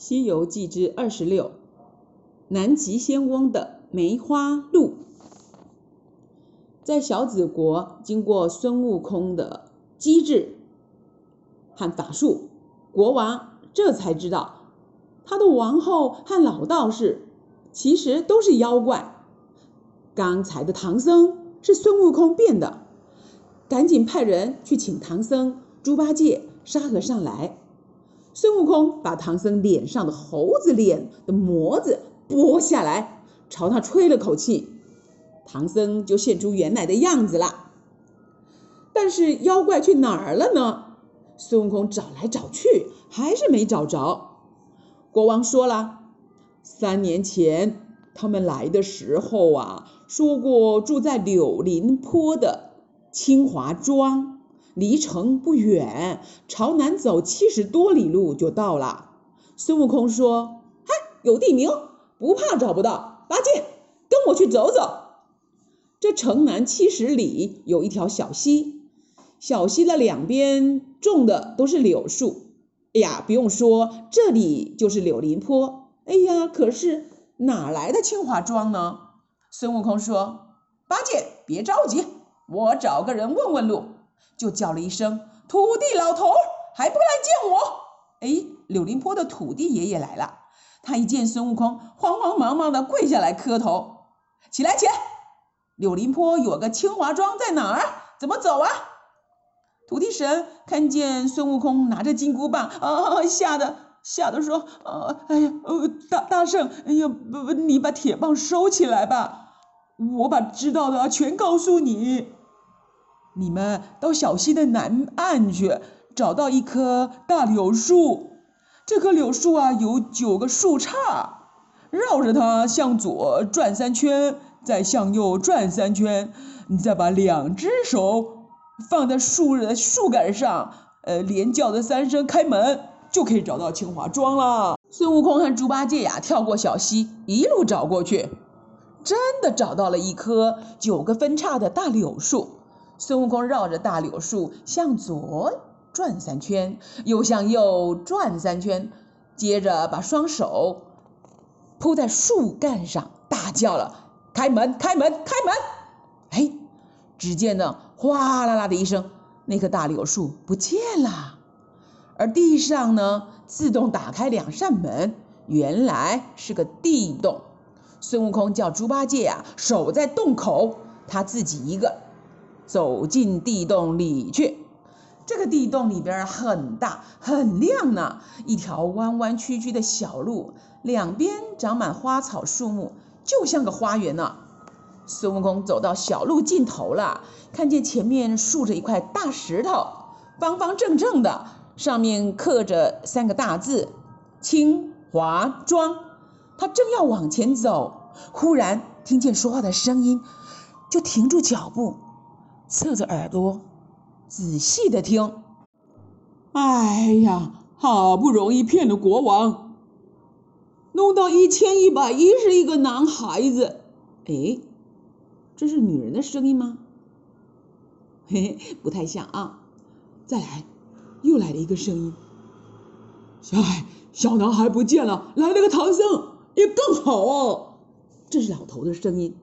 《西遊記》之二十六，南極仙翁的梅花鹿，在小紫國經過孫悟空的機智和法術，國王這才知道他的王后和老道士其實都是妖怪。剛才的唐僧是孫悟空變的，趕緊派人去請唐僧、豬八戒、沙和尚來。孫悟空把唐僧臉上的猴子臉的模子剝下來，朝他吹了口氣，唐僧就現出原來的樣子了。但是妖怪去哪兒了呢？孫悟空找來找去，還是沒找着。國王說了，三年前他們來的時候啊，說過住在柳林坡的清華莊。離城不遠，朝南走七十多里路就到了。孫悟空說：“嗨，有地名，不怕找不到。”八戒，跟我去走走。這城南七十里有一條小溪，小溪的兩邊種的都是柳樹。哎呀，不用說，這裡就是柳林坡。哎呀，可是哪來的清華莊呢？孫悟空說：“八戒，別着急，我找個人問問路。”就叫了一聲：“土地老頭還不來見我？”哎，柳林坡的土地爺爺來了。他一見孫悟空，慌慌忙忙的跪下來磕頭：“起來，起來！柳林坡有個清華莊在哪兒？怎麼走啊？”土地神看見孫悟空拿着金箍棒，啊，啊嚇得嚇得說：“啊，哎呀，呃、大大聖，哎呀，不不，你把鐵棒收起來吧，我把知道的全告訴你。”你們到小溪的南岸去，找到一棵大柳樹。這棵柳樹啊，有九個樹杈，繞着它向左轉三圈，再向右轉三圈，你再把兩隻手放在樹的樹幹上，呃，連叫的三聲“開門”，就可以找到清華莊了。孫悟空和豬八戒呀、啊，跳過小溪，一路找過去，真的找到了一棵九個分叉的大柳樹。孫悟空繞着大柳樹向左轉三圈，又向右轉三圈，接着把雙手鋪在樹幹上，大叫了：“開門，開門，開門！”嘿、哎，只見呢，嘩啦啦的一聲，那棵、個、大柳樹不見了，而地上呢，自動打開兩扇門，原來是個地洞。孫悟空叫豬八戒啊，守在洞口，他自己一個。走進地洞裡去。這個地洞裡邊很大很亮呢，一條彎彎曲曲的小路，兩邊長滿花草樹木，就像個花園呢、啊。孫悟空走到小路盡頭了，看見前面豎着一塊大石頭，方方正正的，上面刻着三個大字“清華莊”。他正要往前走，忽然聽見說話的聲音，就停住腳步。側着耳朵，仔細的聽。哎呀，好不容易騙的國王，弄到一千一百一十一個男孩子。哎，這是女人的聲音嗎？嘿嘿，不太像啊。再來，又來了一個聲音。小孩，小男孩不見了，來了個唐僧，也更好哦。這是老頭的聲音。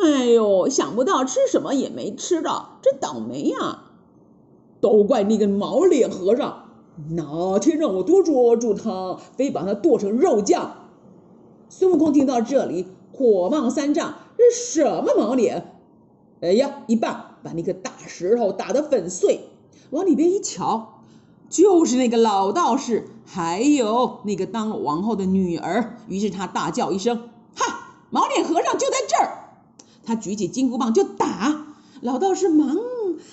哎呦，想不到吃什麼也沒吃到，真倒霉呀，啊！都怪那個毛臉和尚，哪天讓我多捉住他，非把他剁成肉醬！孫悟空聽到這裡，火冒三丈，這是什麼毛臉？哎呀，一棒把那個大石頭打得粉碎，往裡邊一瞧，就是那個老道士，還有那個當了王後的女兒。於是他大叫一聲：“哈！毛臉和尚就在這兒！”他舉起金箍棒就打，老道士忙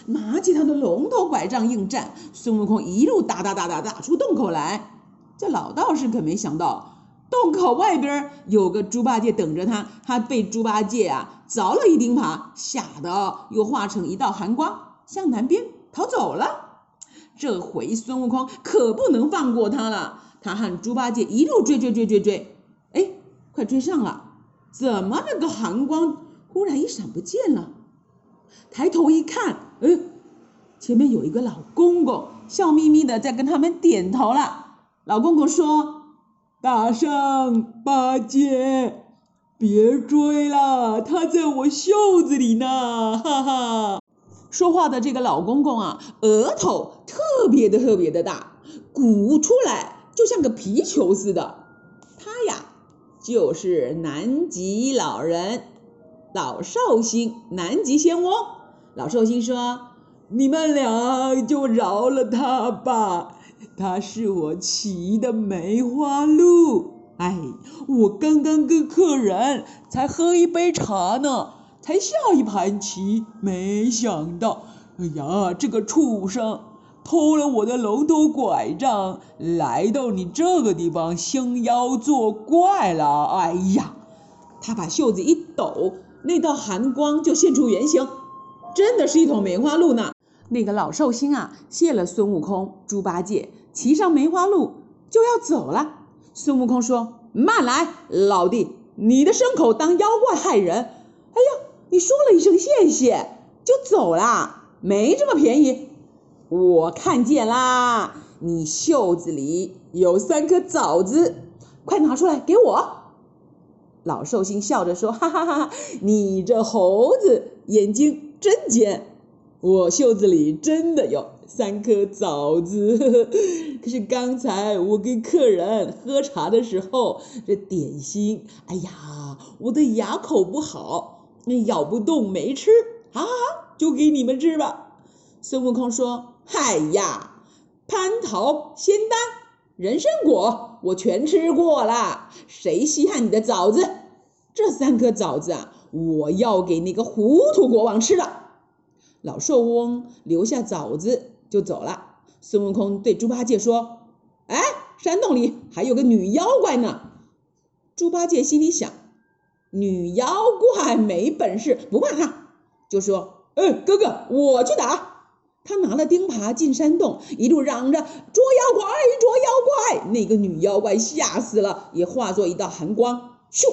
拿起他的龍頭拐杖應戰。孫悟空一路打打打打打出洞口來，這老道士可沒想到洞口外邊有個豬八戒等着他，他被豬八戒啊鑿了一釘耙，嚇得又化成一道寒光向南邊逃走了。這回孫悟空可不能放過他了，他和豬八戒一路追追追追追，哎，快追上了！怎麼那個寒光？忽然一閃不見了，抬頭一看，嗯，前面有一個老公公，笑眯眯的在跟他們點頭了。老公公說：“大聖，八戒，別追了，他在我袖子裡呢。”哈哈，說話的這個老公公啊，額頭特別的特別的大，鼓出來就像個皮球似的。他呀，就是南極老人。老壽星，南極仙翁。老壽星說：“你們倆就饒了他吧，他是我騎的梅花鹿。哎，我剛剛跟客人才喝一杯茶呢，才下一盤棋，沒想到，哎呀，這個畜生偷了我的龍頭拐杖，來到你這個地方興妖作怪了。哎呀，他把袖子一抖。”那道寒光就現出原形，真的是一頭梅花鹿呢。那個老壽星啊，謝了孫悟空、豬八戒，騎上梅花鹿就要走了。孫悟空說：“慢來，老弟，你的牲口當妖怪害人。哎呀，你說了一聲謝謝就走了，沒這麼便宜。我看見啦，你袖子裡有三顆棗子，快拿出來給我。”老壽星笑着說：“哈哈哈哈！你這猴子眼睛真尖，我袖子裡真的有三顆棗子呵呵。可是剛才我跟客人喝茶的時候，這點心，哎呀，我的牙口不好，那咬不動沒吃。哈哈哈，就給你們吃吧。”孫悟空說：“嗨、哎、呀，蟠桃仙丹。”人參果我全吃過了，誰稀罕你的棗子？這三顆棗子啊，我要給那個糊塗國王吃了。老壽翁留下棗子就走了。孫悟空對豬八戒說：“哎，山洞裡還有個女妖怪呢。”豬八戒心裡想：“女妖怪沒本事，不怕他。”就說：“嗯，哎，哥哥，我去打。”他拿了釘耙進山洞，一路嚷着捉妖怪，捉妖怪！那個女妖怪嚇死了，也化作一道寒光，咻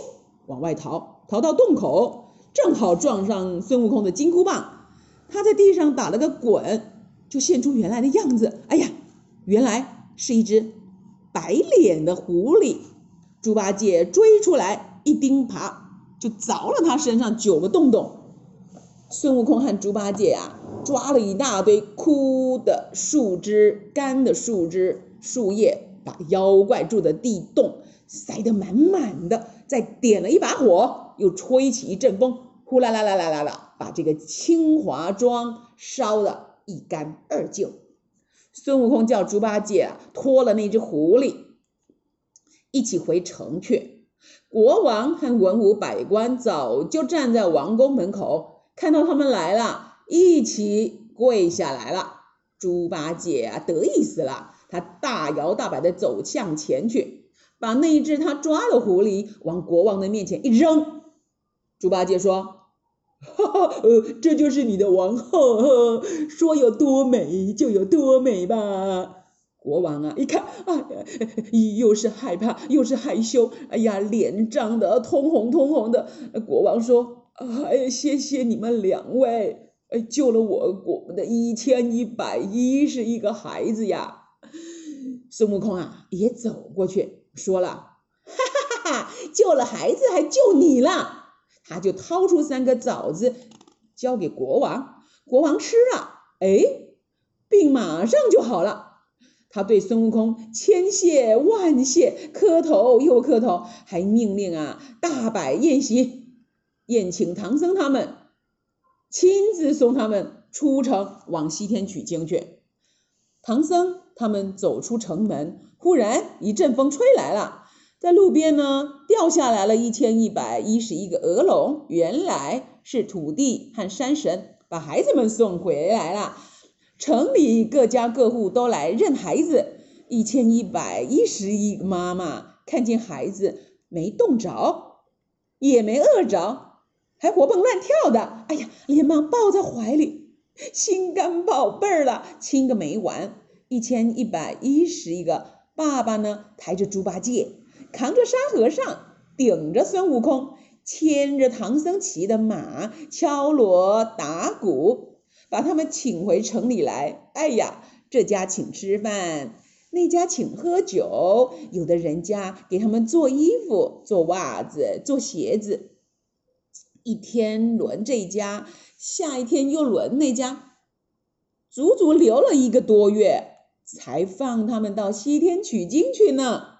往外逃，逃到洞口，正好撞上孫悟空的金箍棒。他在地上打了個滾，就現出原來的樣子。哎呀，原來是一隻白臉的狐狸。豬八戒追出來，一釘耙就鑿了他身上九個洞洞。孫悟空和豬八戒呀、啊。抓了一大堆枯的樹枝、乾的樹枝、樹葉，把妖怪住的地洞塞得滿滿的，再點了一把火，又吹起一陣風，呼啦啦啦啦啦啦，把這個清華莊燒得一乾二淨。孫悟空叫豬八戒啊，脫了那隻狐狸，一起回城去。國王和文武百官早就站在王宮門口，看到他們來了。一起跪下來了，豬八戒啊得意死了，他大搖大擺的走向前去，把那一只他抓的狐狸往國王的面前一扔。豬八戒說：“哈哈，呃，這就是你的王後，說有多美就有多美吧。”國王啊一看，啊、哎，又是害怕又是害羞，哎呀，臉漲得通紅通紅的。國王說：“哎，謝謝你們兩位。”哎，救了我我們的一千一百一十一個孩子呀！孫悟空啊，也走過去說了：“哈哈哈哈！救了孩子，還救你了。”他就掏出三個棗子，交給國王。國王吃了，哎，病馬上就好了。他對孫悟空千謝萬謝，磕頭又磕頭，還命令啊大擺宴席，宴請唐僧他們。親自送他們出城往西天取經去。唐僧他們走出城門，忽然一陣風吹來了，在路邊呢，掉下來了一千一百一十一個鵝籠，原來是土地和山神把孩子們送回來了。城裡各家各戶都來認孩子，一千一百一十一個媽媽看見孩子沒凍着，也沒餓着，還活蹦亂跳的。哎呀！抱在懷裡，心肝寶貝兒了，親個沒完。一千一百一十一個爸爸呢，抬着豬八戒，扛着沙和尚，頂着孫悟空，牽着唐僧騎的馬，敲鑼打鼓，把他們請回城裡來。哎呀，這家請吃飯，那家請喝酒，有的人家給他們做衣服、做襪子、做鞋子。一天輪這家，下一天又輪那家，足足留了一個多月，才放他們到西天取經去呢。